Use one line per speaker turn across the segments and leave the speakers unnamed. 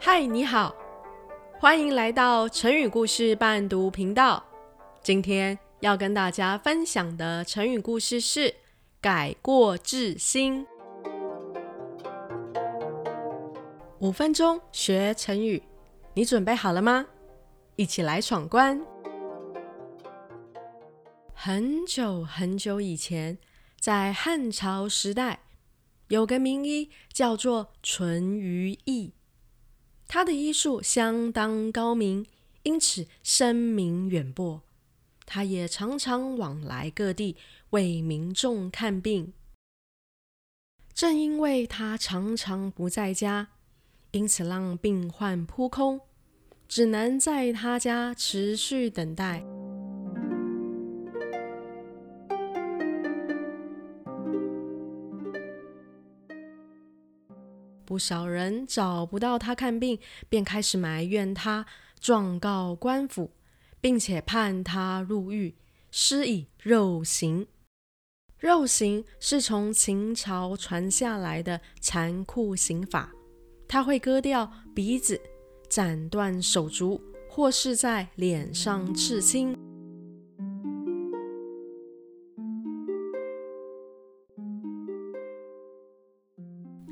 嗨，Hi, 你好，歡迎來到成語故事伴讀頻道。今天要跟大家分享的成語故事是“改過自新”。五分鐘學成語，你準備好了嗎？一起來闖關。很久很久以前，在漢朝時代，有個名醫叫做淳於意。他的醫術相當高明，因此聲名遠播。他也常常往來各地為民眾看病。正因為他常常不在家，因此讓病患撲空，只能在他家持續等待。不少人找不到他看病，便開始埋怨他，狀告官府，並且判他入獄，施以肉刑。肉刑是從秦朝傳下來的殘酷刑法，他會割掉鼻子，斬斷手足，或是在臉上刺青。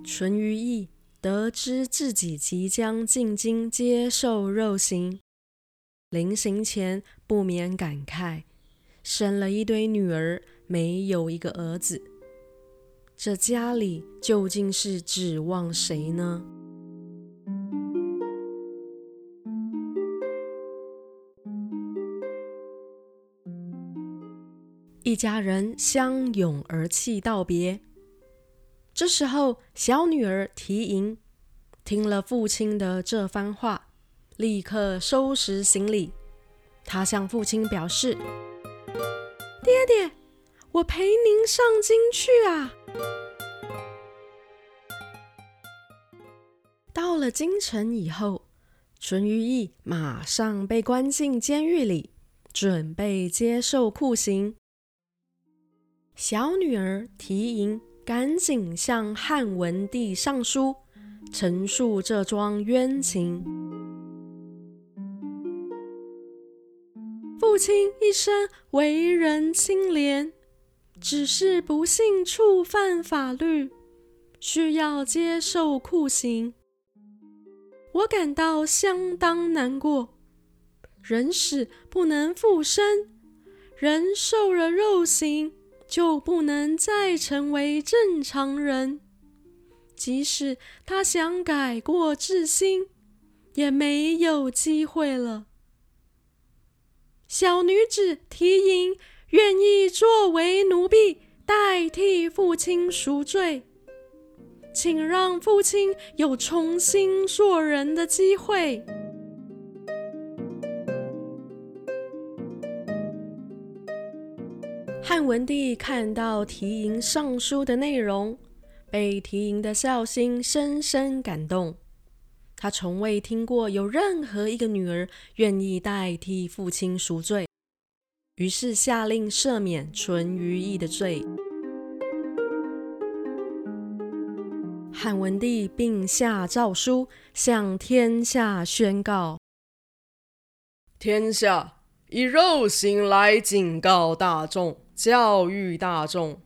淳於意得知自己即將進京接受肉刑，臨行前不免感慨：生了一堆女兒，沒有一個兒子，這家裡究竟是指望誰呢？一家人相擁而泣，道別。這時候，小女兒緹縈聽了父親的這番話，立刻收拾行李。她向父親表示：“爹爹，我陪您上京去啊！”到了京城以後，淳於意馬上被關進監獄裡，準備接受酷刑。小女兒緹縈，趕緊向漢文帝上書，陳述這樁冤情。父親一生為人清廉，只是不幸觸犯法律，需要接受酷刑。我感到相當難過。人死不能復生，人受了肉刑。就不能再成為正常人，即使他想改過自新，也沒有機會了。小女子緹縈願意作為奴婢代替父親贖罪，請讓父親有重新做人的機會。漢文帝看到緹縈上書的內容，被緹縈的孝心深深感動。他從未聽過有任何一個女兒願意代替父親贖罪，於是下令赦免淳於意的罪。漢文帝並下詔書向天下宣告：天下以肉刑來警告大眾。教育大眾，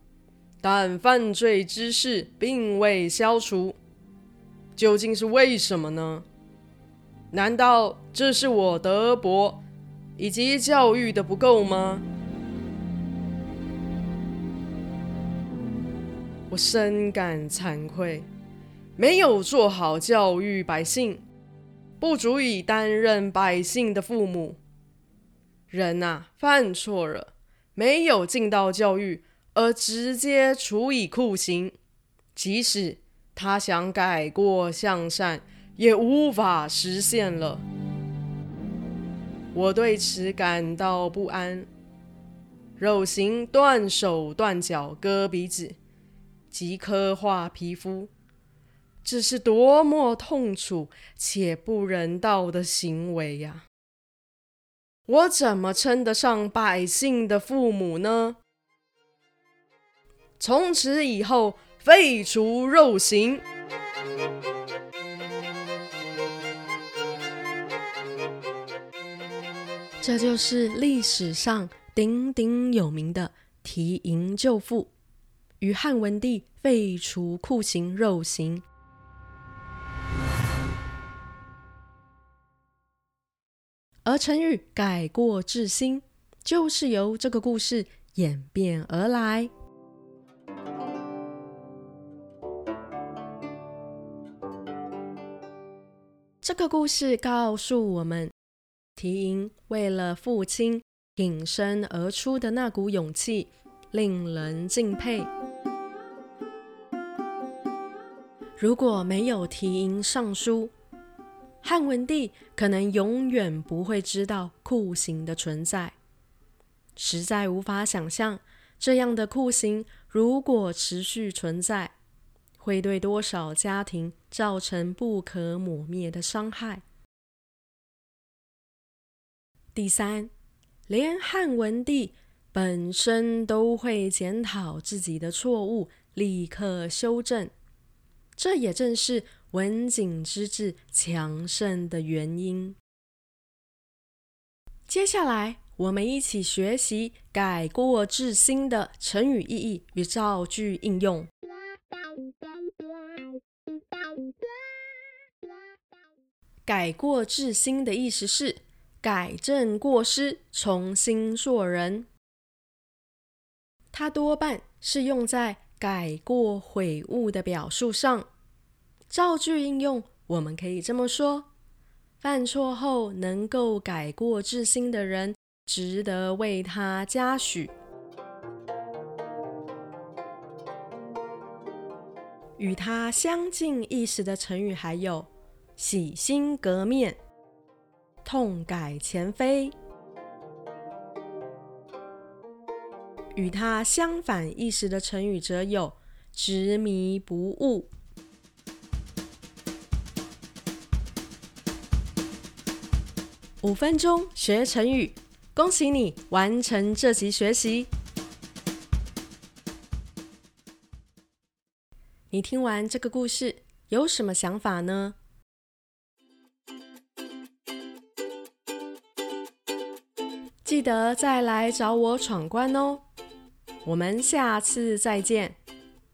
但犯罪之事並未消除，究竟是為什麼呢？難道這是我德薄以及教育的不夠嗎？我深感慚愧，沒有做好教育百姓，不足以擔任百姓的父母。人啊，犯錯了。沒有盡到教育，而直接處以酷刑，即使他想改過向善，也無法實現了。我對此感到不安。肉刑、斷手、斷腳、割鼻子及刻畫皮膚，這是多麼痛楚且不人道的行為呀、啊！我怎麼稱得上百姓的父母呢？從此以後廢除肉刑。這就是歷史上鼎鼎有名的提“緹縈救父”與漢文帝廢除酷刑肉刑。而成語“改過自新”就是由這個故事演變而來。這個故事告訴我們，緹縈為了父親挺身而出的那股勇氣，令人敬佩。如果沒有緹縈上書。漢文帝可能永遠不會知道酷刑的存在，實在無法想象這樣的酷刑如果持續存在，會對多少家庭造成不可抹滅的傷害。第三，連漢文帝本身都會檢討自己的錯誤，立刻修正，這也正是。文景之治強盛的原因。接下來，我們一起學習“改過自新”的成語意義與造句應用。“改過自新”的意思是改正過失，重新做人。它多半是用在改過悔悟的表述上。造句應用，我們可以這麼說：犯錯後能夠改過自新的人，值得為他嘉許。與他相近意思的成語還有“洗心革面”、“痛改前非”。與他相反意思的成語則有“執迷不悟”。五分鐘學成語，恭喜你完成這集學習。你聽完這個故事有什麼想法呢？記得再來找我闖關哦！我們下次再見，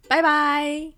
拜拜。